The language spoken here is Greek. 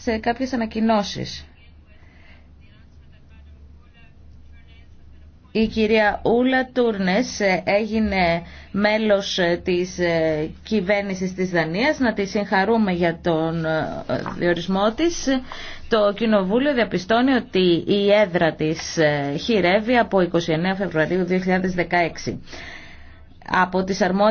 σε κάποιες ανακοινώσεις. Η κυρία Ούλα Τούρνες ε, έγινε μέλος της ε, κυβέρνησης της Δανίας. Να τη συγχαρούμε για τον ε, διορισμό της. Το Κοινοβούλιο διαπιστώνει ότι η έδρα της χειρεύει από 29 Φεβρουαρίου 2016. Από τις